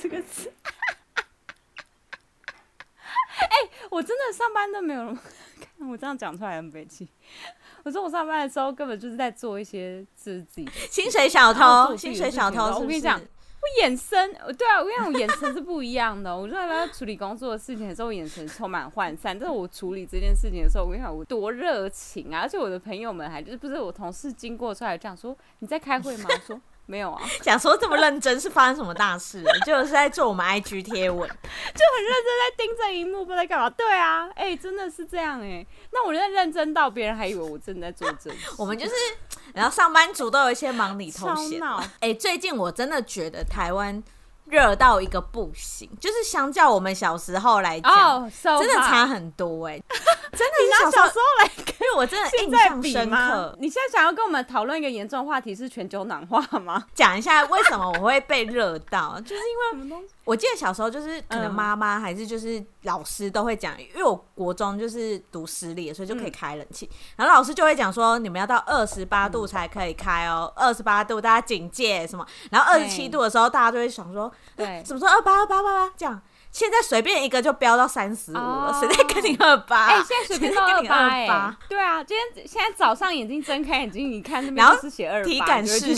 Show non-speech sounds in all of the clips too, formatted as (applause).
這個詞，哎，我真的上班都沒有。 (laughs) 我這樣講出來很悲戚， (laughs) 我說我上班的時候根本就是在做一些自己薪水小偷，薪水小偷。我跟你講，是是我眼神，對啊，我跟你講，我眼神是不一樣的，哦。 (laughs) 我就在來處理工作的事情的時候，我眼神充滿渙散，但，就是我處理這件事情的時候，我跟你講，我多熱情啊！而且我的朋友們還就是不是我同事經過出來這樣說：“你在開會嗎？”說。 (laughs) 沒有啊，想說這麼認真是發生什麼大事？ (laughs) 就是在做我們 IG 貼文，就很認真在盯着螢幕，不知道幹嘛。對啊，哎、欸，真的是這樣，哎、欸。那我就認真到別人還以為我正在做這。 (laughs) 我們就是，然後上班族都有一些忙裡偷閒。哎、欸，最近我真的覺得台灣，熱到一個不行，就是相較我們小時候來講，oh, so 真的差很多哎、欸，真的是。 (laughs) 你拿小時候來，跟我真的印象深刻。現你現在想要跟我們討論一個嚴重的話題，是全球暖化嗎？講一下為什麼我會被熱到， (laughs) 就是因為我記得小時候就是可能媽媽還是就是老師都會講，嗯、因為我國中就是讀私立，所以就可以開冷氣。嗯、然後老師就會講說，你們要到二十八度才可以開哦、喔，二十八度大家警戒什麼。然後二十七度的時候，大家就會想說。嗯嗯對，怎麼說？二八二八八八這樣。現在隨便一個就飆到三十五，誰、oh, 在跟你二八？哎，現在隨便一個、欸、你二八，對啊，今天現在早上眼睛睜開眼睛，你看，然後是寫二八，體感是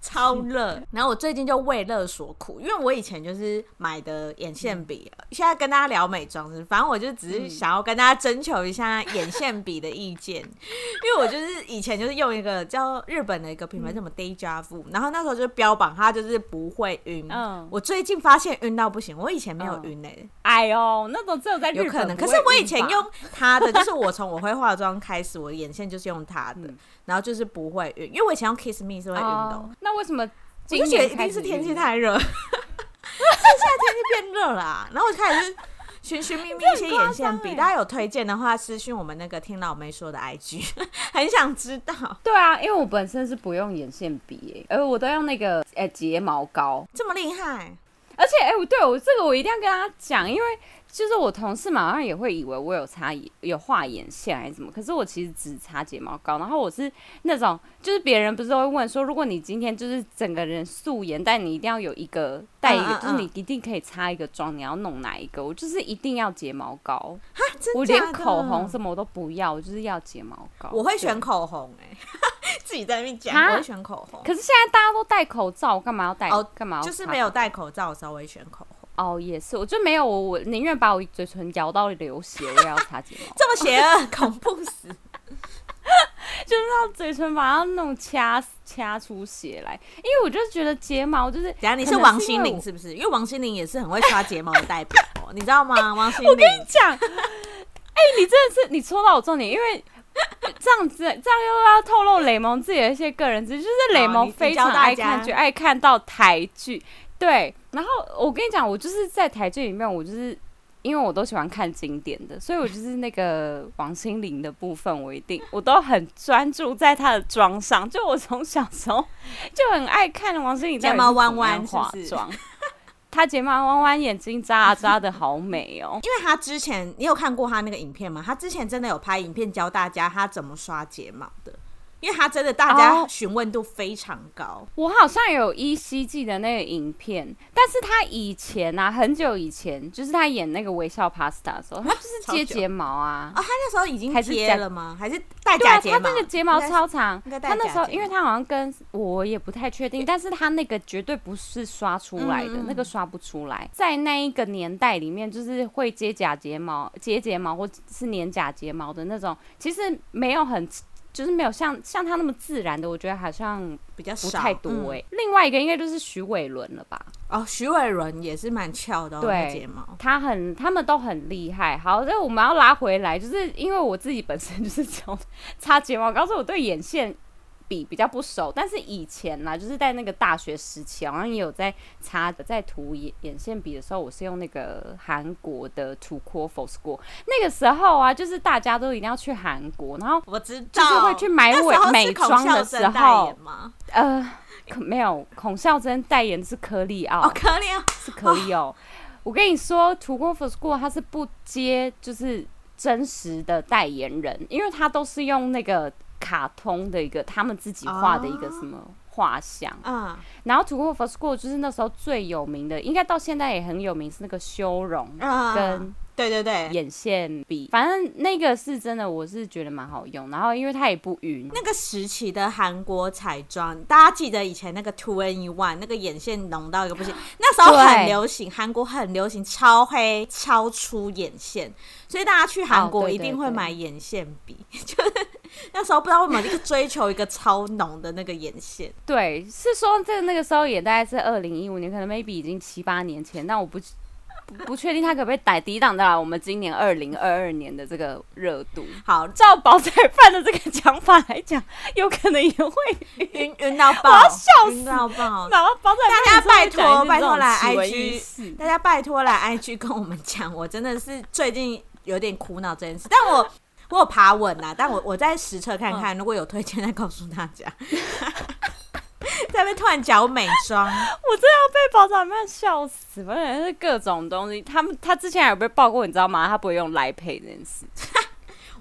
超熱。然後我最近就為熱所苦，因為我以前就是買的眼線筆，嗯、現在跟大家聊美妝，是反正我就只是想要跟大家徵求一下眼線筆的意見，嗯、因為我就是以前就是用一個叫日本的一個品牌，什麼 Deja Vu，然後那時候就標榜它就是不會暈。嗯，我最近發現暈到不行，我以前沒有。暈哎！哎、欸、呦，那種只有在日本有可能。可是我以前用它的， (laughs) 就是我從我會化妝開始，我的眼線就是用它的，嗯、然後就是不會暈，因為我以前用 Kiss Me 是會暈的、呃。那為什麼今年？因為一定是天氣太熱。 (laughs) (laughs) 現在天氣變熱了、啊、 (laughs) 然後我開始尋尋覓覓一些眼線筆，欸、大家有推薦的話，私信我們那個聽老梅說的 IG，很想知道。對啊，因為我本身是不用眼線筆、欸，哎，我都用那個哎睫毛膏，這麼厲害。而且，哎、欸，我對我、哦、這個我一定要跟他講，因為，就是我同事嘛，好像也會以為我有擦眼有畫眼線還是什麼，可是我其實只擦睫毛膏。然後我是那種，就是別人不是都會問說，如果你今天就是整個人素顏，但你一定要有一個帶一個，嗯啊、嗯，就是你一定可以擦一個妝，你要弄哪一個？我就是一定要睫毛膏，真的，我連口紅什麼我都不要，我就是要睫毛膏。我會選口紅，哎、欸，對 (laughs) 自己在那邊講，蛤我會選口紅。可是現在大家都戴口罩，我幹嘛要戴？哦、oh,，幹嘛？就是沒有戴口罩，稍微選口紅。哦，也是，我就沒有我，我寧願把我嘴唇咬到流血，我也要擦睫毛。 (laughs) 這麼邪惡， (laughs) 恐怖死！ (laughs) 就是讓嘴唇把它弄掐掐出血來，因為我就是覺得睫毛就是。等一下，你是王心凌是不是？因為王心凌也是很會刷睫毛的代表， (laughs) 你知道嗎？王心凌， (laughs) 我跟你講，哎、 (laughs) 欸，你真的是你戳到我重點，因為這樣子 (laughs) 這樣又要透露雷蒙自己的一些個人知識，就是雷蒙非常愛看劇，哦、愛看到台劇。對，然後我跟你講，我就是在台劇裡面，我就是因為我都喜歡看經典的，所以我就是那個王心凌的部分，我一定我都很專注在她的妝上。就我從小時候就很愛看王心凌，睫毛彎彎是不是？化妝，她睫毛彎彎，眼睛眨啊眨的好美哦。因為她之前你有看過她那個影片嗎？她之前真的有拍影片教大家她怎麼刷睫毛的。因為他真的，大家詢問度非常高。Oh, 我好像有依稀記得那個影片，但是他以前啊，很久以前，就是他演那個微笑 Pasta 的時候，他就是接睫毛啊。啊，oh, 他那時候已經接了嗎？還是戴假睫毛？對啊，他那個睫毛超長。他那時候，因為他好像跟我也不太確定，也但是他那個絕對不是刷出來的，嗯嗯，那個刷不出來。在那一個年代裡面，就是會接假睫毛、接睫毛，或是粘假睫毛的那種，其實沒有很。就是沒有像像他那麼自然的，我覺得好像比較少，太多哎。嗯、另外一個應該就是徐偉倫了吧？哦，徐偉倫也是蠻翹的，哦，對，嗯，睫毛。他很，他們都很厲害。好，所以我們要拉回來，就是因為我自己本身就是從擦睫毛，膏，所以我對眼線。筆比較不熟，但是以前呢，就是在那個大學時期，好像也有在擦，在塗眼眼線筆的時候，我是用那個韓國的 Too Cool For School，那個時候啊，就是大家都一定要去韓國，然後我知道就是會去買我美妝的時候，時候呃，可沒有，孔孝真代言是可麗奧，哦，可麗奧是可麗奧喔。 (laughs) 我跟你說 Too Cool For School 它是不接就是真實的代言人，因為它都是用那個。卡通的一個，他們自己畫的一個什麼畫像。啊、哦？嗯、然後 Too Cool For School 就是那時候最有名的，應該到現在也很有名，是那個修容跟、嗯、對對對眼線筆，反正那個是真的，我是覺得蠻好用。然後因為它也不暈。那個時期的韓國彩妝，大家記得以前那個 Two and One 那個眼線濃到一個不行，那時候很流行，對韓國很流行超黑超粗眼線，所以大家去韓國一定會買眼線筆，就是、哦。對對對 (laughs) 那時候不知道為什麼就是追求一個超濃的那個眼線， (laughs) 對，是說在那個時候也大概是二零一五年，可能 maybe 已經七八年前，但我不不確定他可不可以抵抵擋到我們今年二零二二年的這個熱度。好，照煲仔飯的這個講法來講，有可能也會暈暈到爆，我要笑死，暈到爆，然後煲仔，大家拜托拜托來 IG，大家拜托來 IG 跟我們講，我真的是最近有點苦惱這件事，但我。 (laughs) 不過爬穩啦，但我我在實測看看，如果有推薦再告訴大家。在被突然講美妝，我真的要被寶藏妹笑死！本來是各種東西，他們他之前有被爆過，你知道嗎？他不會用來配這件事。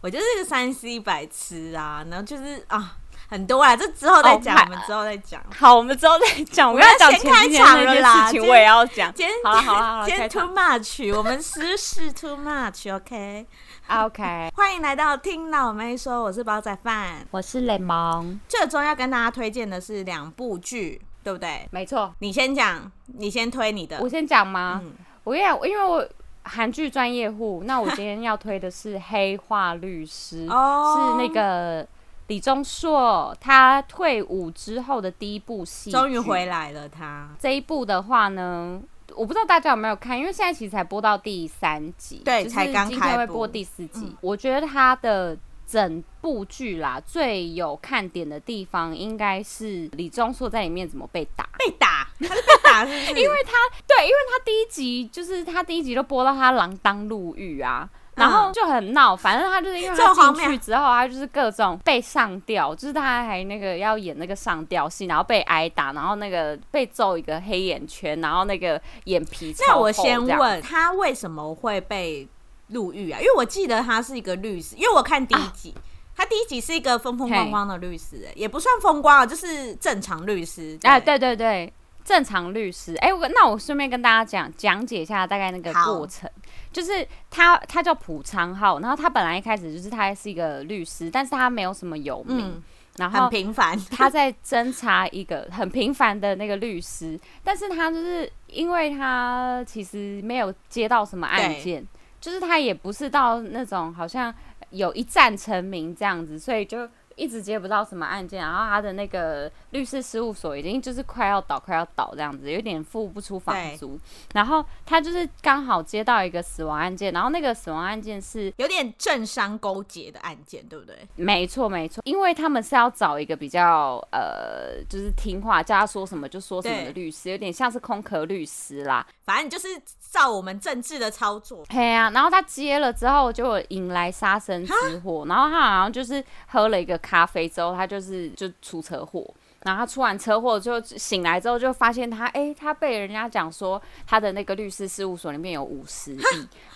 我就是一個三 C 白痴啊。然後就是啊，很多啊，這之後再講，我們之後再講。好，我們之後再講，我要講開場的事情，我也要講。好好今天 too much，我們試試 too much，OK。OK，歡迎來到聽老妹說，我是煲仔飯，我是雷蒙。這周要跟大家推薦的是兩部劇，對不對？沒錯，你先講，你先推你的。我先講嗎？嗯，我因為因為我韓劇專業戶，那我今天要推的是《黑話律師》， (laughs) 是那個李鐘碩他退伍之後的第一部戲，終於回來了他。他這一部的話呢？我不知道大家有沒有看，因為現在其實才播到第三集，對，才剛開播第四集。我覺得他的整部劇啦，最有看點的地方應該是李鐘碩在裡面怎麼被打，被打，他是被打是不是？ (laughs) 因為他對，因為他第一集就是他第一集都播到他鋃鐺入獄啊。嗯、然後就很鬧，反正他就是因為他進去之後、啊，他就是各種被上吊，就是他還那個要演那個上吊戲，然後被挨打，然後那個被揍一個黑眼圈，然後那個眼皮。那我先問樣他為什麼會被入獄啊？因為我記得他是一個律師，因為我看第一集，啊、他第一集是一個風風光光的律師，嘿也不算風光啊，就是正常律師。哎、啊，對對對，正常律師。哎、欸，我那我順便跟大家講講解一下大概那個過程。就是他，他叫朴昌浩，然後他本來一開始就是他是一個律師，但是他沒有什麼有名，嗯、然後很平凡。他在偵查一個很平凡的那個律師，但是他就是因為他其實沒有接到什麼案件，對就是他也不是到那種好像有一戰成名這樣子，所以就。一直接不到什麼案件，然後他的那個律師事務所已經就是快要倒，快要倒這樣子，有點付不出房租。對然後他就是剛好接到一個死亡案件，然後那個死亡案件是有點政商勾結的案件，對不對？沒錯，沒錯，因為他們是要找一個比較呃，就是聽話，叫他說什麼就說什麼的律師，對有點像是空殼律師啦。反正就是照我們政治的操作。對啊，然後他接了之後就引來殺身之禍，蛤然後他好像就是喝了一個咖啡之後，他就是就出車禍，然後他出完車禍之後醒來之後，就發現他哎、欸，他被人家講說他的那個律師事務所裡面有五十億，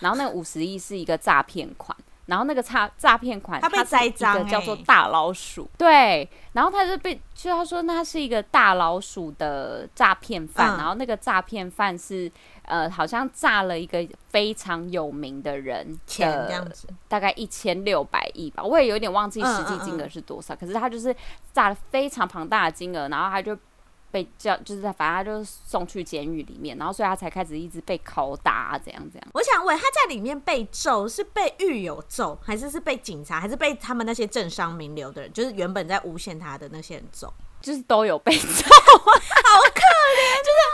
然後那五十億是一個詐騙款。然後那個詐詐騙款，他被栽贓、欸、叫做大老鼠，對，然後他就被，就他說那他是一個大老鼠的詐騙犯，嗯、然後那個詐騙犯是呃，好像詐了一個非常有名的人的錢這樣子，大概一千六百億吧，我也有點忘記實際金額是多少，嗯嗯嗯，可是他就是詐了非常龐大的金額，然後他就。被叫就是在，反正就是送去監獄裡面，然後所以他才開始一直被拷打，這樣這樣。我想問，他在裡面被揍是被獄友揍，還是是被警察，還是被他們那些政商名流的人，就是原本在誣陷他的那些人揍？就是都有被揍， (laughs) 好可憐能， (laughs) 就是。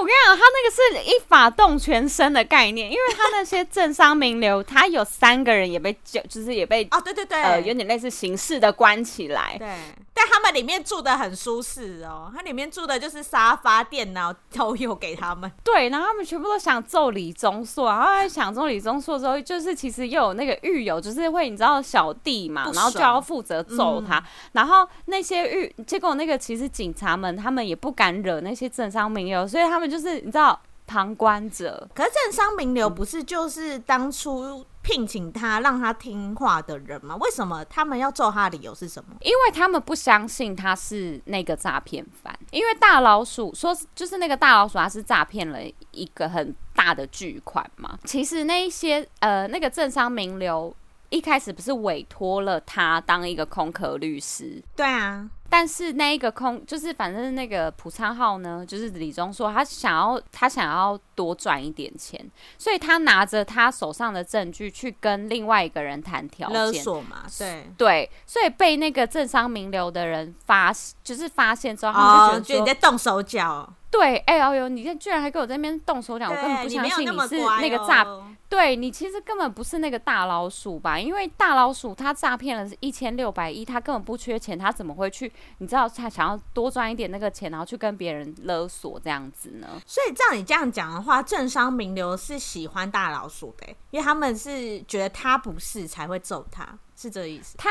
我跟你講，他那個是一髮動全身的概念，因為他那些政商名流， (laughs) 他有三個人也被就就是也被啊、哦，對對對，呃，有點類似刑事的關起來。對，但他們裡面住的很舒適哦，他裡面住的就是沙發店、電腦都有給他們。對，然後他們全部都想揍李鐘碩，然後想揍李鐘碩之後，就是其實又有那個獄友，就是會你知道小弟嘛，爽然後就要負責揍他。嗯、然後那些獄，結果那個其實警察們他們也不敢惹那些政商名流，所以他們。就是你知道旁觀者，可是政商名流不是就是當初聘請他讓他聽話的人嗎？為什麼他們要揍他的理由是什麼？因為他們不相信他是那個詐騙犯，因為大老鼠說就是那個大老鼠，他是詐騙了一個很大的巨款嘛。其實那一些呃那個政商名流一開始不是委託了他當一個空殼律師？對啊。但是那一個空就是反正那個朴昌浩呢，就是李鐘碩他想要他想要多賺一點錢，所以他拿着他手上的證據去跟另外一個人談條件勒索嘛，對對，所以被那個政商名流的人發就是發現之後，他就覺得、oh, 就你在動手腳，對，哎、欸哦、呦，你這居然還給我在那邊動手腳，對我根本不相信你是那個詐。對你其實根本不是那個大老鼠吧？因為大老鼠他詐騙了是一千六百億他根本不缺錢，他怎麼會去？你知道他想要多賺一點那個錢，然後去跟別人勒索這樣子呢？所以照你這樣講的話，政商名流是喜歡大老鼠的、欸，因為他們是覺得他不是才會揍他，是這個意思。他。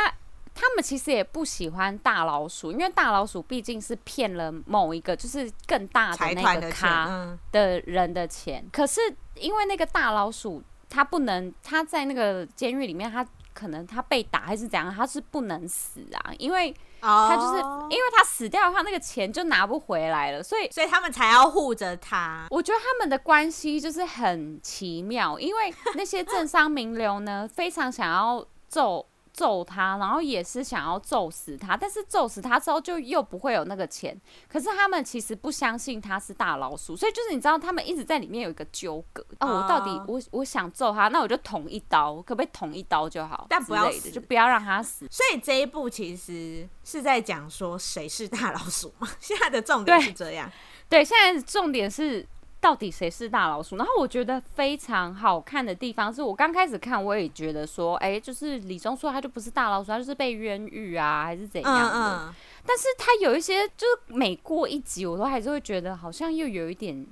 他們其實也不喜歡大老鼠，因為大老鼠畢竟是騙了某一個就是更大的那個咖的人的錢。財團的錢。嗯、可是因為那個大老鼠，他不能，他在那個監獄裡面，他可能他被打還是怎樣，他是不能死啊。所以他就是，oh、因為他死掉的話，那個錢就拿不回來了，所以所以他們才要護着他。我覺得他們的關係就是很奇妙，因為那些政商名流呢， (laughs) 非常想要揍。揍他，然後也是想要揍死他，但是揍死他之後就又不會有那個錢。可是他們其實不相信他是大老鼠，所以就是你知道，他們一直在裡面有一個糾葛。哦，哦，我到底我我想揍他，那我就捅一刀，可不可以捅一刀就好？但不要就不要讓他死。所以這一部其實是在講說誰是大老鼠嗎？現在的重點是這樣，對，對，現在重點是。到底誰是大老鼠？然後我覺得非常好看的地方是我剛開始看，我也覺得說，哎、欸，就是李鐘碩他就不是大老鼠，他就是被冤獄啊，還是怎樣的。嗯嗯，但是他有一些，就是每過一集，我都還是會覺得好像又有一點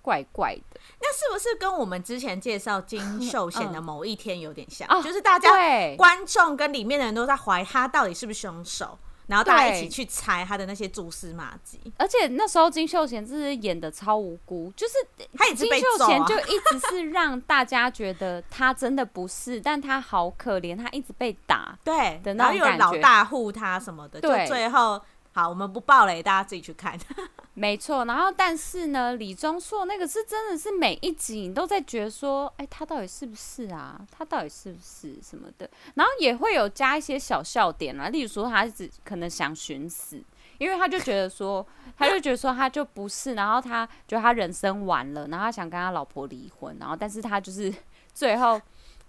怪怪的。那是不是跟我們之前介紹金秀賢的某一天有點像？嗯嗯，啊，就是大家觀眾跟裡面的人都在懷疑他到底是不是凶手？然後大家一起去猜他的那些蛛絲馬跡，而且那時候金秀賢就是演得超無辜，就是金秀賢就一直是讓大家覺得他真的不是， (laughs) 但他好可憐，他一直被打，對，然後又有老大護他什麼的，就最後。好，我們不爆了。大家自己去看。 (laughs) 沒錯，然後但是呢，李鐘碩那個是真的是每一集你都在覺得說，哎、欸，他到底是不是啊？他到底是不是什麼的？然後也會有加一些小笑點啊，例如說他是可能想尋死，因為他就覺得說， (laughs) 他就覺得說他就不是，然後他就他人生完了，然後他想跟他老婆離婚，然後但是他就是最後。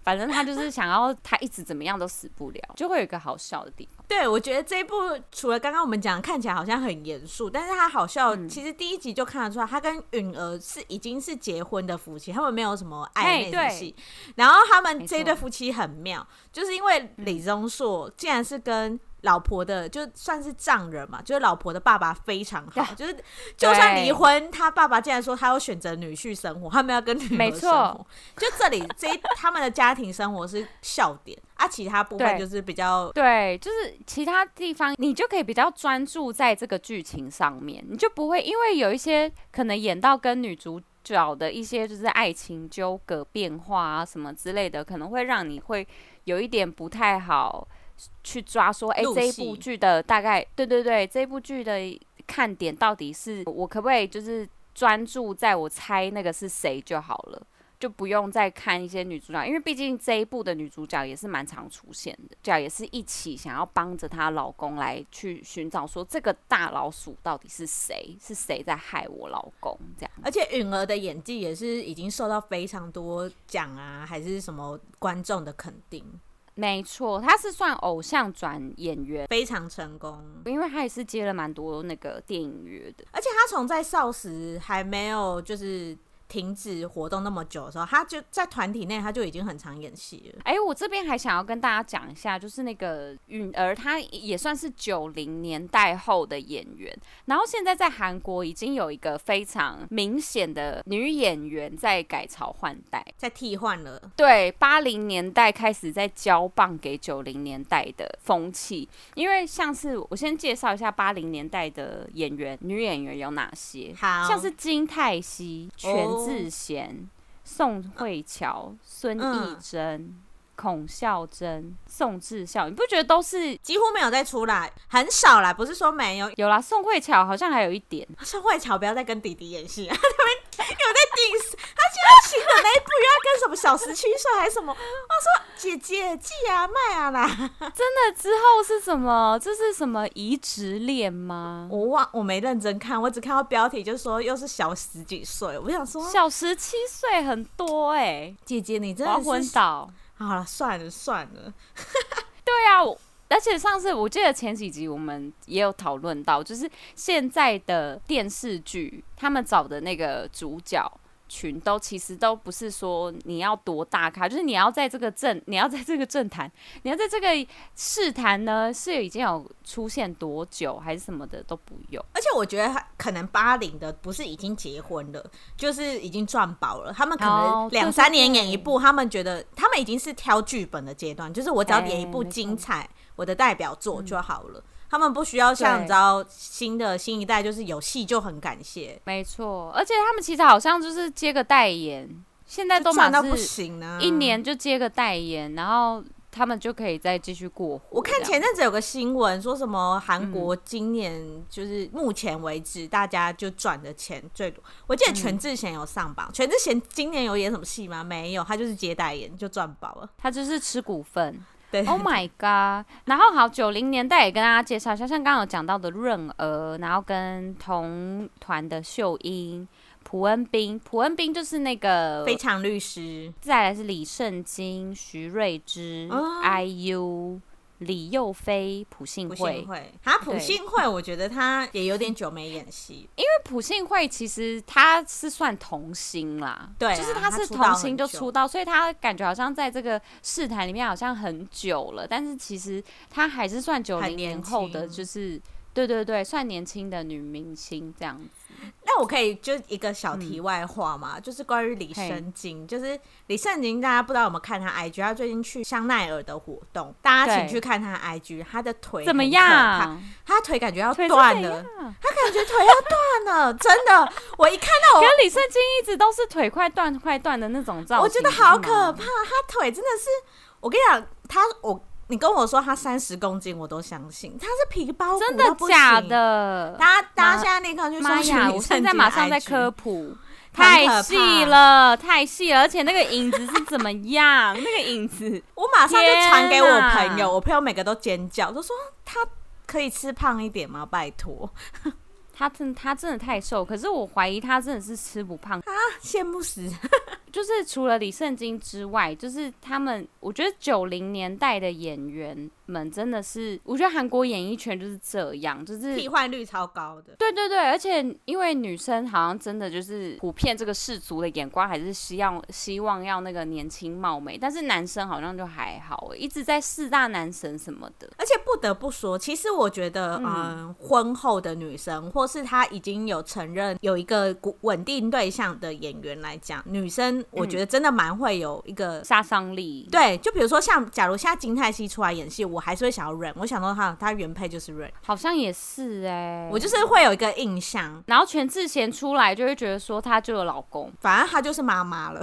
反正他就是想要他一直怎麼樣都死不了， (laughs) 就會有一個好笑的地方。對，我覺得這一部除了剛剛我們講的看起來好像很嚴肅，但是他好笑，嗯、其實第一集就看得出來，他跟允兒是已經是結婚的夫妻，他們沒有什麼曖昧戲。然後他們這一對夫妻很妙，錯就是因為李鐘碩竟然是跟。老婆的就算是丈人嘛，就是老婆的爸爸非常好，啊、就是就算離婚，對他爸爸竟然說他要選擇女婿生活，他沒有要跟女兒生活。錯就這裡這一 (laughs) 他們的家庭生活是笑點，啊，其他部分就是比較對，對，就是其他地方你就可以比較專注在這個劇情上面，你就不會因為有一些可能演到跟女主角的一些就是愛情糾葛變化啊什麼之類的，可能會讓你會有一點不太好。去抓說，哎、欸，這一部劇的大概，戲對對對，這部劇的看點到底是，我可不可以就是專注在我猜那個是誰就好了，就不用再看一些女主角，因為畢竟這一部的女主角也是蠻常出現的，也是一起想要幫着她老公來去尋找說這個大老鼠到底是誰，是誰在害我老公這樣，而且允兒的演技也是已經受到非常多獎啊，還是什麼觀眾的肯定。沒錯，他是算偶像轉演員，非常成功，因為他也是接了蠻多那個電影約的，而且他從在少時還沒有就是。停止活動那麼久的時候，他就在團體內，他就已經很常演戲了。哎、欸，我這邊還想要跟大家講一下，就是那個允兒，她也算是九零年代後的演員，然後現在在韓國已經有一個非常明顯的女演員在改朝換代，在替換了。對，八零年代開始在交棒給九零年代的風氣，因為像是我先介紹一下八零年代的演員，女演員有哪些？好，像是金泰熙、哦、全。智賢、宋慧喬、孫藝珍、嗯、孔孝真、宋智孝，你不覺得都是幾乎沒有再出來，很少啦？不是說沒有，有啦。宋慧喬好像還有一點。宋慧喬不要再跟弟弟演戲啊！ (laughs) 有在頂，他居然行了那一步又要跟什麼小十七歲還是什麼？我說姐姐，寄啊賣啊啦，真的之後是什麼？這是什麼移植戀嗎？我忘我沒認真看，我只看到標題，就說又是小十幾歲。我想說小十七歲很多哎、欸，姐姐你真的是黃昏倒。好了算了算了，算了 (laughs) (laughs) 對啊。我而且上次我記得前幾集我們也有討論到，就是現在的電視劇，他們找的那個主角群都其實都不是說你要多大咖，就是你要在這個政，你要在這個政壇，你要在這個市壇呢是已經有出現多久還是什麼的都不用。而且我覺得可能八零的不是已經結婚了，就是已經賺飽了，他們可能兩三年演一部，他們覺得他們已經是挑劇本的階段，就是我只要演一部精彩。欸，那個我的代表作就好了，嗯、他們不需要想着新的新一代，就是有戲就很感謝。沒錯，而且他們其實好像就是接個代言，現在都忙到不行呢。一年就接個代言，啊、然後他們就可以再繼續過活。我看前陣子有個新聞說什麼韓國今年就是目前為止大家就賺的錢最多，我記得全智賢有上榜。嗯、全智賢今年有演什麼戲嗎？沒有，他就是接代言就賺飽了，他就是吃股份。對 Oh my god！ (laughs) 然後好，九零年代也跟大家介紹一下，像剛剛有講到的潤娥，然後跟同團的秀英、朴恩斌，朴恩斌就是那個非常律師，再來是李聖經、徐睿知、oh. IU。李幼菲、朴信惠，哈，朴信惠，我覺得他也有點久沒演戲， (laughs) 因為朴信惠其實他是算童星啦，對、啊，就是他是童星就出道，出道，所以他感覺好像在這個視台裡面好像很久了，但是其實他還是算九零年後的，就是。就是對對對，算年輕的女明星這樣子。那我可以就一個小題外話嘛，嗯、就是關於李聖經，嘿就是李聖經，大家不知道有沒有看她 IG？她最近去香奈兒的活動，對大家請去看她 IG，她的腿怎麼樣？她腿感覺要斷了，她感覺腿要斷了， (laughs) 真的。我一看到我跟李聖經一直都是腿快斷、快斷的那種狀態。我覺得好可怕。她腿真的是，我跟你講，她我。你跟我說他三十公斤，我都相信。他是皮包骨，真的，他假的？大家，マ 大家現在立刻去刷群裡，現在馬上在科普，太細了，太細了。而且那個影子是怎麼樣？ (laughs) 那個影子， (laughs) 我馬上就傳給我朋友，啊、我朋友每個都尖叫，都說他可以吃胖一點嗎？拜託。 (laughs) 他真他真的太瘦，可是我懷疑他真的是吃不胖啊，羨慕死！ (laughs) 就是除了李聖經之外，就是他們，我覺得九零年代的演員們真的是，我覺得韓國演藝圈就是這樣，就是替換率超高的。對對對，而且因為女生好像真的就是普遍這個世俗的眼光還是希望希望要那個年輕貌美，但是男生好像就還好，一直在四大男神什麼的。而且不得不說，其實我覺得，嗯，婚後的女生或都是他已經有承認有一個穩定對象的演員來講，女生我覺得真的蠻會有一個殺傷力。嗯、對，就比如說像假如現在金泰熙出來演戲，我還是會想要 Rain 我想到她，她原配就是 Rain 好像也是哎、欸。我就是會有一個印象，然後全智賢出來就會覺得說她就有老公，反正她就是媽媽了。 (laughs)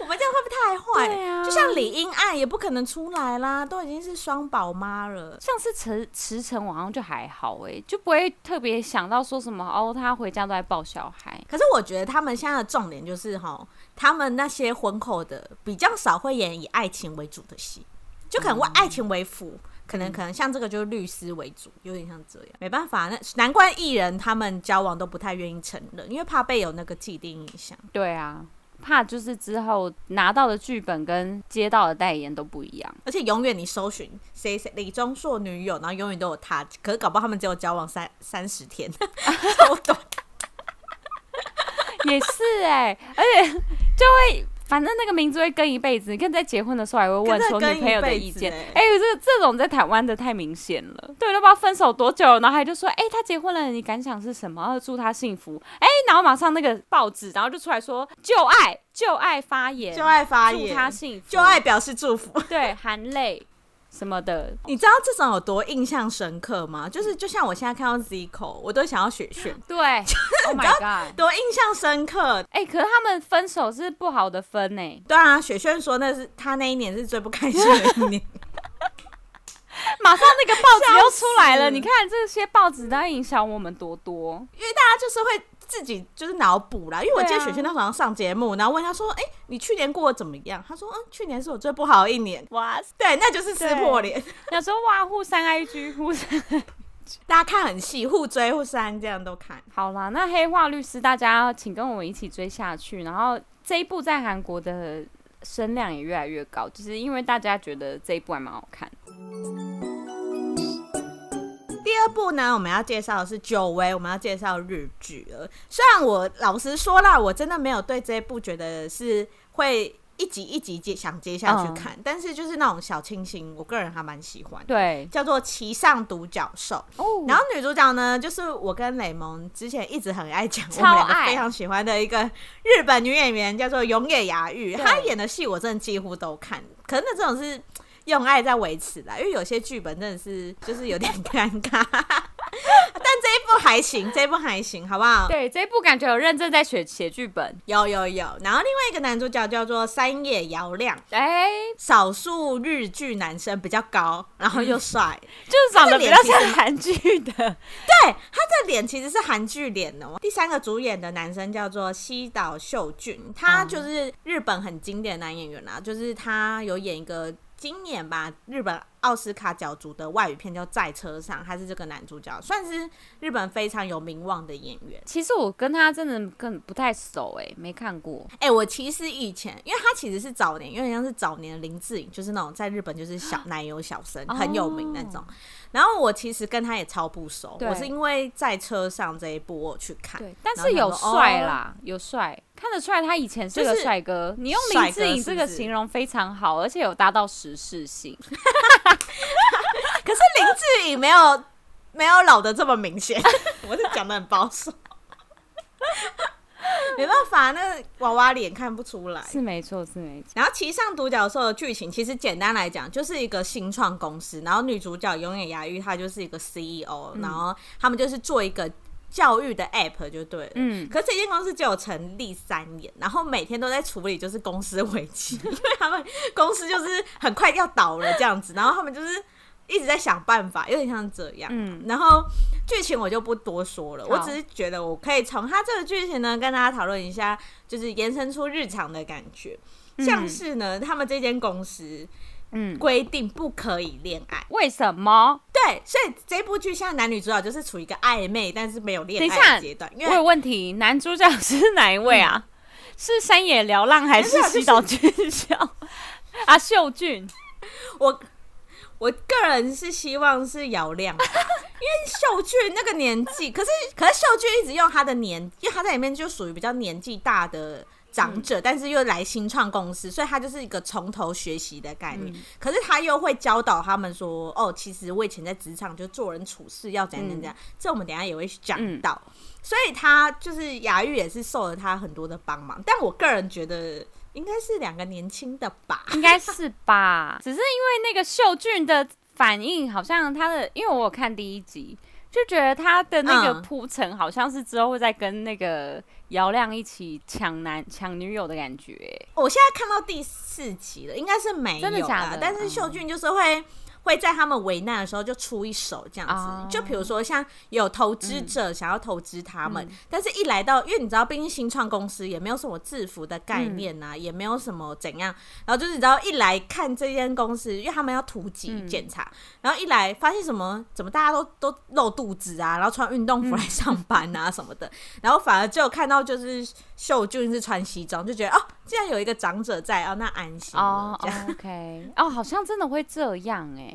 我們這樣會不會太壞？啊。就像李英愛也不可能出來啦，都已經是雙寶媽了。像是馳馳騁網上就還好哎、欸，就不會特別想到。說什麼哦？他回家都在抱小孩。可是我覺得他們現在的重點就是哈、哦，他們那些婚後的比較少會演以愛情為主的戲，就可能為愛情為輔，嗯、可能可能像這個就是律師為主，有點像這樣。嗯、沒辦法，那難怪藝人他們交往都不太願意承認，因為怕被有那個既定印象。對啊。怕，就是之後拿到的劇本跟接到的代言都不一樣，而且永遠你搜尋誰誰李鐘碩女友，然後永遠都有她。可是搞不好他們只有交往三三十天，我懂。也是哎、欸， (laughs) 而且就會。反正那個名字會跟一輩子，你看在結婚的時候還會問說女朋友的意見，哎、欸，這、欸、這種在台灣的太明顯了，對，都不知道分手多久，然後他就說，哎、欸，他結婚了，你感想是什麼？祝他幸福，哎、欸，然後馬上那個報紙，然後就出來說，舊愛舊愛發言，舊愛發言，祝他幸福，舊愛表示祝福， (laughs) 對，含淚。什麼的，你知道這種有多印象深刻嗎？就是就像我現在看到 Zico，我都想要雪炫。對 (laughs) 後，Oh my God 多印象深刻！哎、欸，可是他們分手是不好的分呢、欸。對啊，雪炫說那是他那一年是最不開心的一年。 (laughs) (laughs) 馬上那個報紙又出來了，死你看這些報紙，它影響我們多多，因為大家就是會。自己就是腦補啦，因為我記得雪炫他好像上上節目，啊、然後問他說：“哎、欸，你去年過得怎麼樣？”他說：“嗯，去年是我最不好的一年。”哇塞，對，那就是撕破臉。那時候哇，互刪 IG，互刪， (laughs) 大家看很細，互追互刪，這樣都看。好啦，那黑話律師大家請跟我們一起追下去。然後這一部在韓國的聲量也越來越高，就是因為大家覺得這一部還蠻好看。第二部呢，我們要介紹的是久違，我們要介紹日劇了。雖然我老實說啦，我真的沒有對這部覺得是會一集一集接想接下去看，嗯、但是就是那種小清新，我個人還蠻喜歡。對，叫做《騎上獨角獸》哦。然後女主角呢，就是我跟雷蒙之前一直很愛講，我們兩個非常喜歡的一個日本女演員，叫做永野芽郁。對她演的戲我真的幾乎都看，可能這種是。用愛在維持的，因為有些劇本真的是就是有點尷尬， (laughs) (laughs) 但這一部還行，這一部還行，好不好？對，這一部感覺有認真在寫寫劇本，有有有。然後另外一個男主角叫做杉野遙亮，哎、欸，少數日劇男生比較高，然後又帥，嗯、就是長得比較像韓劇的。對，他這臉其實是韓劇臉哦。第三個主演的男生叫做西島秀俊，他就是日本很經典的男演員啦、啊，就是他有演一個。今年吧，日本，奧斯卡角逐的外語片叫《在車上》，他是這個男主角，算是日本非常有名望的演員。其實我跟他真的更不太熟、欸，哎，沒看過。哎、欸，我其實以前因為他其實是早年，有點像是早年林志穎，就是那種在日本就是小 (coughs) 奶油小生，很有名那種。哦、然後我其實跟他也超不熟，對我是因為《在車上》這一部我去看，但是有帥、哦、啦，有帥，看得出來他以前是個帥哥。就是、你用林志穎這個形容非常好，是是而且有達到時事性。 (laughs) (laughs) 可是林志穎沒有 (laughs) 沒有老的這麼明顯，我是講的很保守， (laughs) 沒辦法，那娃娃臉看不出來，是沒錯，是沒錯。然後騎上《獨角獸》的劇情其實簡單來講就是一個新創公司，然後女主角永野芽郁她就是一個 CEO，、嗯、然後他們就是做一個。教育的 app 就對了，嗯，可是這間公司就有成立三年，然後每天都在處理就是公司危機，因為他們公司就是很快要倒了這樣子，然後他們就是一直在想辦法，有點像這樣，嗯，然後劇情我就不多說了，好我只是覺得我可以從他這個劇情呢跟大家討論一下，就是延伸出日常的感覺，嗯，像是呢他們這間公司。嗯，規定不可以戀愛，為什麼？對，所以這部劇現在男女主角就是處於一個曖昧，但是沒有戀愛的階段。因為我有問題，男主角是哪一位啊？嗯、是杉野遙亮還是西島秀俊？阿、就是 (laughs) 啊、秀俊， (laughs) 我我個人是希望是遙亮， (laughs) 因為秀俊那個年紀， (laughs) 可是可是秀俊一直用他的年，因為他在裡面就屬於比較年紀大的。長者，但是又來新創公司，嗯、所以他就是一個從頭學習的概念。嗯、可是他又會教導他們說：“哦，其實我以前在職場就做人處事要怎樣怎樣，怎樣。嗯”這我們等一下也會講到。嗯、所以他就是芽郁也是受了他很多的幫忙。嗯、但我個人覺得應該是兩個年輕的吧，應該是吧。 (laughs) 只是因為那個秀俊的反應，好像他的，因為我有看第一集。就覺得他的那個鋪陳、嗯、好像是之後會再跟那個姚亮一起搶男搶女友的感覺、欸。我現在看到第四集了，應該是沒有了。真的假的？但是秀俊就是會，會在他們為難的時候就出一手這樣子，oh, 就比如說像有投資者想要投資他們，嗯、但是一來到，因為你知道，畢竟新創公司也沒有什麼制服的概念啊，嗯、也沒有什麼怎樣，然後就是你知道一來看這間公司，因為他們要突擊檢查，嗯、然後一來發現什麼，怎麼大家都都露肚子啊，然後穿運動服來上班啊什麼的，嗯、 (laughs) 然後反而就看到就是秀俊是穿西裝，就覺得哦，竟然有一個長者在哦，那安心哦、oh,，OK，哦樣，oh, 好像真的會這樣誒、欸。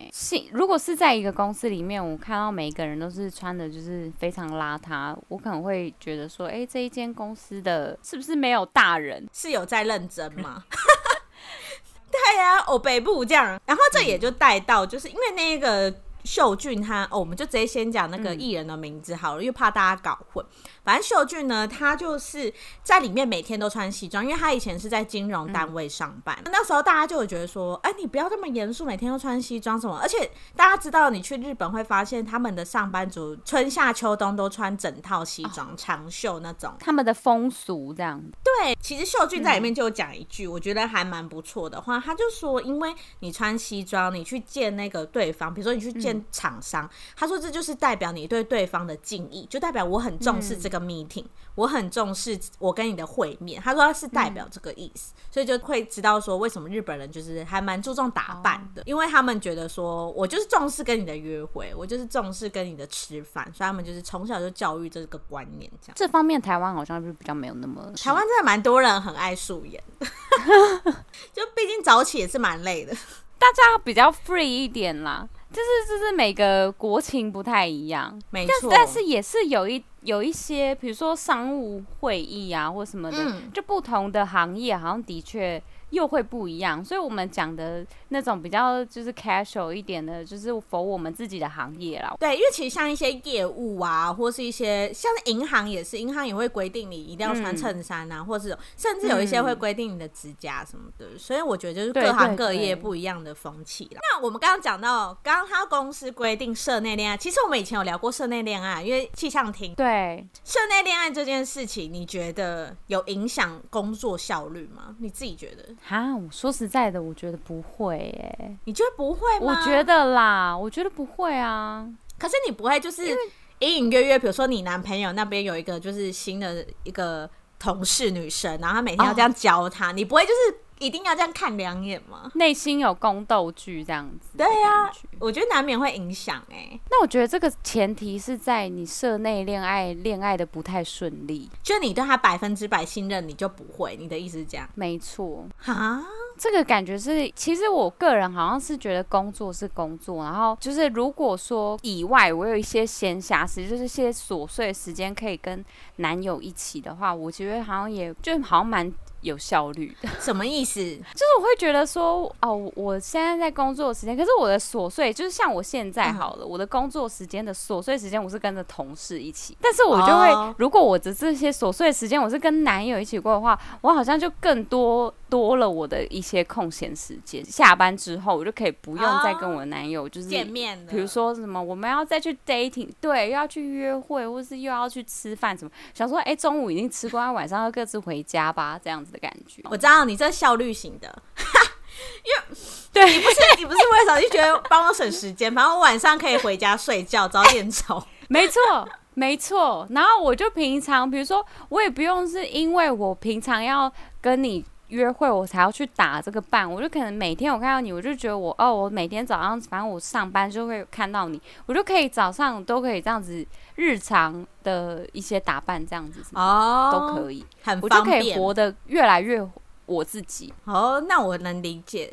如果是在一個公司裡面，我看到每一個人都是穿的，就是非常邋遢，我可能會覺得說，哎、欸，這一間公司的是不是沒有大人？是有在認真嗎？ (laughs) (laughs) 對呀、啊，我、哦、北部這樣，然後這也就帶到，就是、嗯、因為那個秀俊他，哦，我們就直接先講那個藝人的名字好了，又、嗯、怕大家搞混。反正秀俊呢，他就是在裡面每天都穿西裝，因為他以前是在金融單位上班。嗯、那時候大家就有覺得說：“哎、欸，你不要這麼嚴肅，每天都穿西裝什麼？”而且大家知道，你去日本會發現，他們的上班族春夏秋冬都穿整套西裝，哦、長袖那種。他們的風俗這樣。對，其實秀俊在裡面就有講一句，嗯、我覺得還蠻不錯的話，他就說：“因為你穿西裝，你去見那個對方，比如說你去見廠商，嗯、他說這就是代表你對對方的敬意，就代表我很重視、嗯、這個。”一個 meeting，我很重視我跟你的會面。他說他是代表這個意思，嗯、所以就會知道說為什麼日本人就是還蠻注重打扮的，哦、因為他們覺得說我就是重視跟你的約會，我就是重視跟你的吃飯，所以他們就是從小就教育這個觀念。這樣這方面台灣好像是比較沒有那麼，台灣真的蠻多人很愛素顏的， (laughs) (laughs) 就畢竟早起也是蠻累的，大家比較 free 一點啦。就是就是每個國情不太一樣，沒錯，但是也是有一。有一些，比如說商務會議啊，或什麼的，嗯、就不同的行業，好像的確。又會不一樣，所以我們講的那種比較就是 casual 一點的，就是否我們自己的行業了。對，因為其實像一些業務啊，或是一些像銀行也是，銀行也會規定你一定要穿襯衫啊，嗯、或是甚至有一些會規定你的指甲什麼的。嗯、所以我覺得就是各行各業不一樣的風氣了。對對對，那我們剛剛講到，剛剛他公司規定社內戀愛，其實我們以前有聊過社內戀愛，因為氣象廳。對，社內戀愛這件事情，你覺得有影響工作效率嗎？你自己覺得？哈，我說實在的，我覺得不會誒、欸。你覺得不會嗎？我覺得啦，我覺得不會啊。可是你不會，就是隱隱約約，因為，比如說你男朋友那邊有一個就是新的一個同事女生，然後他每天要這樣教他，哦、你不會就是？一定要這樣看兩眼嗎？內心有宮鬥劇這樣子？對呀、啊，我覺得難免會影響哎、欸。那我覺得這個前提是在你社內戀愛戀愛的不太順利，就你對他百分之百信任，你就不會。你的意思是這樣？沒錯錯，哈蛤，這個感覺是，其實我個人好像是覺得工作是工作，然後就是如果說以外我有一些閒暇時，就是一些瑣碎時間可以跟男友一起的話，我覺得好像也就好像蠻。有效率，什麼意思？ (laughs) 就是我會覺得說哦，我現在在工作時間，可是我的瑣碎就是像我現在好了，嗯、我的工作時間的瑣碎時間，我是跟着同事一起，但是我就會，哦、如果我的這些瑣碎時間我是跟男友一起過的話，我好像就更多多了我的一些空閒時間。下班之後，我就可以不用再跟我的男友、哦、就是見面，比如說什麼我們要再去 dating，對，又要去約會，或是又要去吃飯什麼，想說哎、欸，中午已經吃過、啊，晚上要各自回家吧，這樣子。的感覺，我知道你這效率型的， (laughs) 因為對你不是你不是為什麼就覺得幫我省時間， (laughs) 反正我晚上可以回家睡覺，早點走，欸、沒錯沒錯。然後我就平常，比如說我也不用是因為我平常要跟你。約會，我才要去打這個扮。我就可能每天我看到你，我就覺得我哦，我每天早上反正我上班就會看到你，我就可以早上都可以這樣子日常的一些打扮這樣子哦，都可以，很不錯，我就可以活得越來越我自己哦。那我能理解。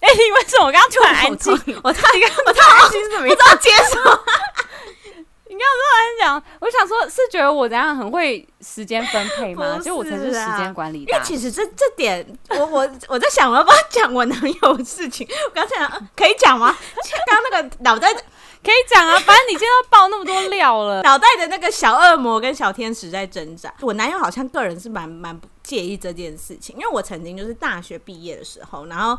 哎、欸，你為什麼剛剛突然安靜？我到底我到底怎麼樣我都要接受我想說，是覺得我這樣很會時間分配嗎？就我才是時間管理。因為其實這這點，我我我在想，我要不要講，我男友的事情，我剛才想，啊，可以講嗎？剛剛 (laughs) 那個腦袋可以講啊，反正你今天要爆那麼多料了，腦 (laughs) 袋的那個小惡魔跟小天使在掙扎。我男友好像個人是蠻蠻不介意這件事情，因為我曾經就是大學畢業的時候，然後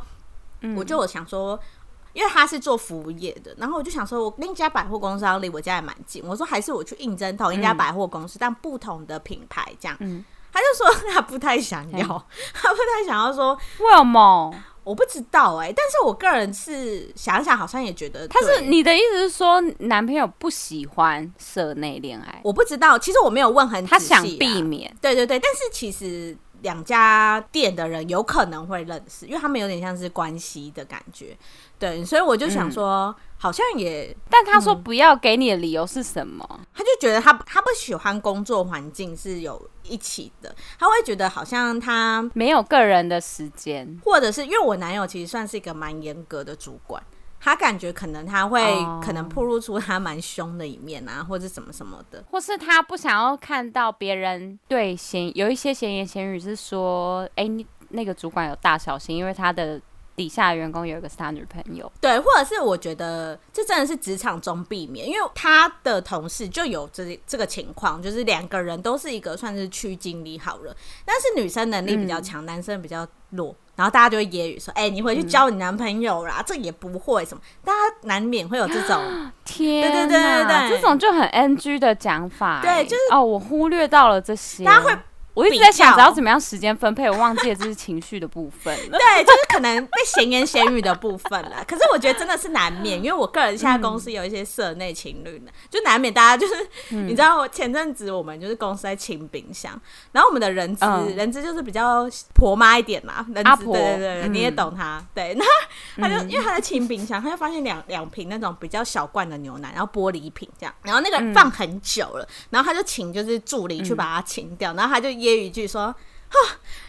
我就我想說。嗯因為他是做服務業的，然後我就想說我，我另一家百貨公司離我家也蠻近，我說還是我去應徵同一家百貨公司，嗯、但不同的品牌這樣。嗯、他就說他不太想要，嘿他不太想要說，為什麼？我不知道哎、欸，但是我個人是想想，好像也覺得他是，你的意思是說，男朋友不喜歡社內戀愛？我不知道，其實我沒有問很、啊、他想避免，對對對，但是其實兩家店的人有可能會認識，因為他們有點像是關係的感覺。對，所以我就想說，嗯、好像也，但他說不要給你的理由是什麼？嗯、他就覺得他他不喜歡工作環境是有一起的，他會覺得好像他沒有個人的時間，或者是因為我男友其實算是一個蠻嚴格的主管，他感覺可能他會、Oh. 可能暴露出他蠻凶的一面啊，或者什麼什麼的，或是他不想要看到別人對閒有一些閒言閒語是說，誒、欸，你那個主管有大小心，因為他的。底下員工有一個是他女朋友，對，或者是我覺得這真的是職場中避免，因為他的同事就有這這個情況，就是兩個人都是一個算是區經理好了，但是女生能力比較強，嗯、男生比較弱，然後大家就會揶揄說：“哎、欸，你回去教你男朋友啦，嗯、這也不會什麼。”大家難免會有這種天哪，對對對對對，這種就很 NG 的講法、欸，對，就是哦，我忽略到了這些。大家會我一直在想，知道怎麼樣時間分配？我忘記了這是情緒的部分。對，就是可能被閒言閒語的部分了。可是我覺得真的是難免，因為我個人現在公司有一些社內情侶呢，就難免大家就是你知道，我前陣子我們就是公司在清冰箱，然後我們的人資人資就是比較婆媽一點嘛，人資對對對，你也懂他。對，然後他就因為他在清冰箱，他就發現兩兩瓶那種比較小罐的牛奶，然後玻璃瓶這樣，然後那個放很久了，然後他就請就是助理去把它清掉，然後他就。接一句說，哈，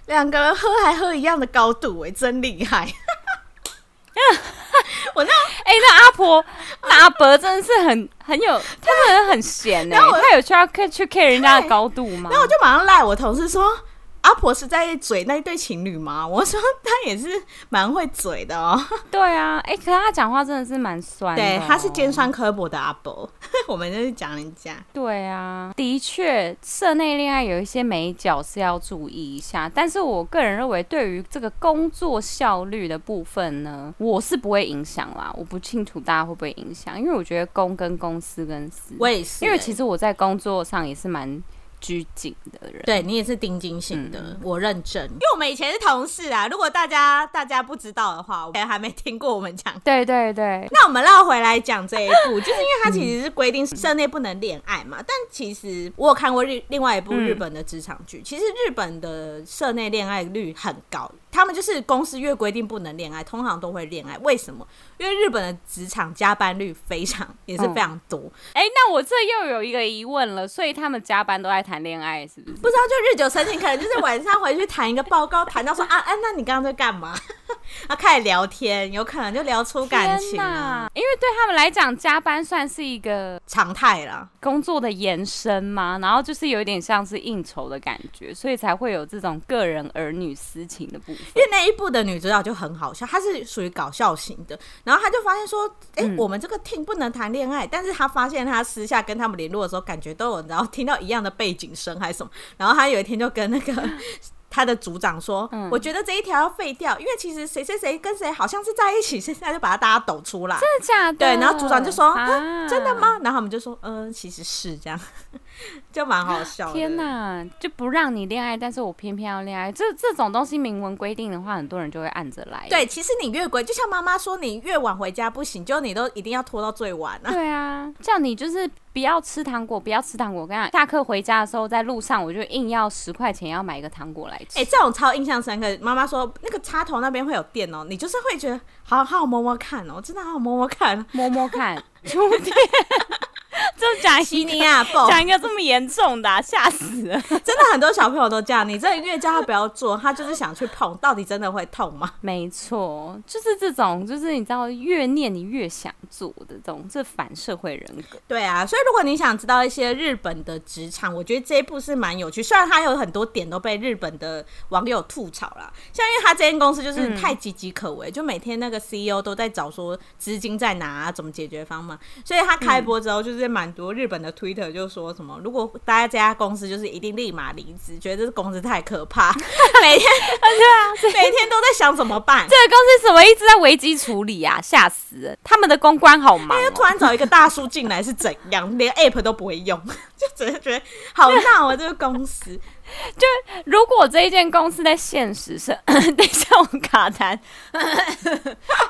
兩個人喝還喝一樣的高度，欸，哎，真厲害！哈 (laughs) 哈， (laughs) 欸，我那哎那阿婆那阿伯真的是很很有，他們很閒，欸、 (laughs) 然後他有去要去去 care 人家的高度嗎？ (laughs) 然後我就馬上賴我同事說。阿婆是在嘴那一對情侶嗎？我說他也是蠻會嘴的哦、喔。對啊，哎、欸，可是他講話真的是蠻酸的、喔，對，他是尖酸刻薄的阿婆。我們就是講人家。對啊，的確，社內戀愛有一些眉角是要注意一下。但是我個人認為，對於這個工作效率的部分呢，我是不會影響啦。我不清楚大家會不會影響，因為我覺得公跟公司跟私，我也欸、因為其實我在工作上也是蠻。拘謹的人。對，你也是丁釘型的，嗯、我認真。因為我們以前是同事啊。如果大家大家不知道的話，我還沒聽過我們講。對對對，那我們繞回來講這一部， (laughs) 就是因為它其實是規定是社內不能戀愛嘛。但其實我有看過日另外一部日本的職場劇，其實日本的社內戀愛率很高。他們就是公司越規定不能戀愛，通常都會戀愛，為什麼？因為日本的職場加班率非常，也是非常多。哎、嗯欸，那我這又有一個疑問了，所以他們加班都在談戀愛是不是？不知道，就日久生情，可能就是晚上回去談一個報告，談 (laughs) 到說啊，啊，那你剛剛在幹嘛？他開始聊天，有可能就聊出感情了，因為對他們來講，加班算是一個常態了，工作的延伸嘛。然後就是有一點像是應酬的感覺，所以才會有這種個人兒女私情的部分。因為那一部的女主角就很好笑，她是屬於搞笑型的。然後她就發現說：“哎、欸，我們這個 team 不能談戀愛。嗯”但是她發現她私下跟他們聯絡的時候，感覺都有，然後聽到一樣的背景聲還是什麼。然後她有一天就跟那個。 (laughs) 他的組長說：“嗯、我覺得這一條要廢掉，因為其實誰誰誰跟誰好像是在一起，現在就把他大家抖出來，真的假的？對，然後組長就說：‘啊、真的嗎？’然後我們就說：‘嗯、呃，其實是這樣， (laughs) 就蠻好笑的。’天哪、啊，就不讓你戀愛，但是我偏偏要戀愛，這這種東西明文規定的話，很多人就會按着來。對，其實你越規就像媽媽說，你越晚回家不行，就你都一定要拖到最晚啊。對啊，這樣你就是。”不要吃糖果，不要吃糖果！我跟你講，下課回家的時候，在路上我就硬要十塊錢要買一個糖果來吃。哎、欸，這種超印象深刻。媽媽說那個插頭那邊會有電哦，你就是會覺得好好摸摸看哦，真的好好摸摸看，摸摸看觸電。就講一個，講 (laughs) 一個這麼嚴重的、啊，嚇死了！真的很多小朋友都這樣，你這越叫他不要做，他就是想去碰，到底真的會痛嗎？沒錯，就是這種，就是你知道，越念你越想做的這種，這、就是、反社會人格。對啊，所以如果你想知道一些日本的職場，我覺得這一部是蠻有趣，雖然他有很多點都被日本的網友吐槽了，像因為他這間公司就是太岌岌可危，嗯、就每天那個 CEO 都在找說資金在哪、啊，怎麼解決方法嘛，所以他開播之後就是、嗯。蠻多日本的 Twitter 就說什麼？如果大家這家公司就是一定立馬離職，覺得這公司太可怕， (laughs) 每天、對啊、每天都在想怎麼辦？這個公司怎麼一直在危機處理啊？嚇死！他們的公關好忙、哦，又突然找一個大叔進來是怎樣？ (laughs) 連 App 都不會用，就只是覺得好鬧啊！ (laughs) 這個公司。就如果這一間公司在現實生，等一下我卡彈。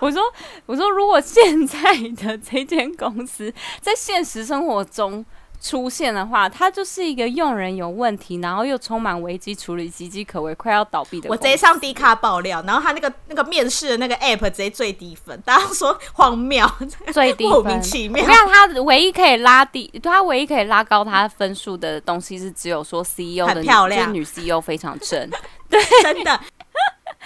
我說我說，如果現在的這間公司在現實生活中。 (laughs) (laughs) 出現的話，他就是一個用人有問題，然後又充滿危機處理，岌岌可危，快要倒閉的。我直接上 D 卡爆料，然後他那個那個面試的那個 app 直接最低分，大家說荒謬，最低莫名其妙。對，他唯一可以拉低，他唯一可以拉高他分數的東西是只有說 CEO 的女漂亮，就是女 CEO 非常正。 (laughs) 對，真的。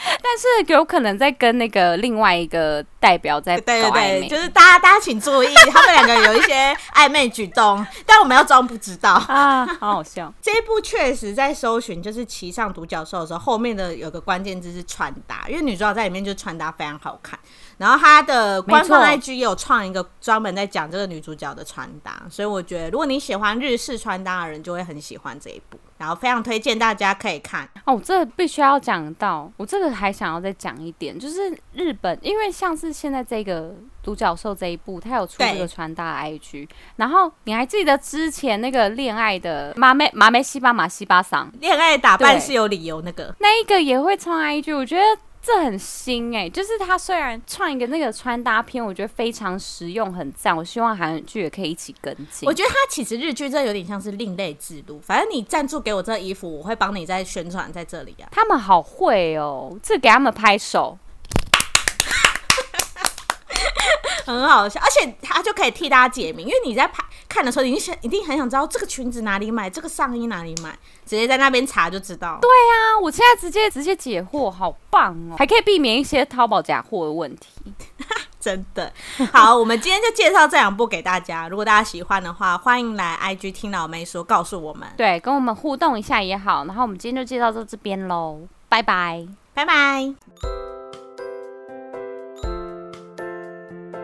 但是有可能在跟那個另外一個代表在搞曖昧。對對對，就是大家大家請注意， (laughs) 他們兩個有一些曖昧舉動， (laughs) 但我們要裝不知道 (laughs) 啊，好好笑。這一部確實在搜尋，就是騎上獨角獸的時候，後面的有個關鍵字是穿搭，因為女主角在裡面就穿搭非常好看。然後他的官方 IG 錯也有創一個專門在講這個女主角的穿搭，所以我覺得如果你喜歡日式穿搭的人就會很喜歡這一部，然後非常推薦大家可以看哦。我這個必須要講到，我這個還想要再講一點，就是日本，因為像是現在這個獨角獸這一部，它有出這個穿搭 IG，對然後你還記得之前那個戀愛的媽梅媽梅西巴馬西巴桑，戀愛打扮是有理由，對那個那一個也會出 IG，我覺得。這很新哎、欸，就是他雖然創一個那個穿搭片，我覺得非常實用，很讚。我希望韓劇也可以一起跟進。我覺得他其實日劇這有點像是另類制度，反正你贊助給我這衣服，我會幫你再宣傳在這裡啊。他們好會哦，這給他們拍手。很好笑，而且他就可以替大家解謎，因為你在拍看的時候，你想一定很想知道這個裙子哪裡買，這個上衣哪裡買，直接在那邊查就知道了。對啊，我現在直接直接解惑，好棒哦，還可以避免一些淘寶假貨的問題。 (laughs) 真的，好，我們今天就介紹這兩部給大家， (laughs) 如果大家喜歡的話，歡迎來 IG 聽老妹說，告訴我們，對，跟我們互動一下也好。然後我們今天就介紹到這邊嘍，拜拜，拜拜。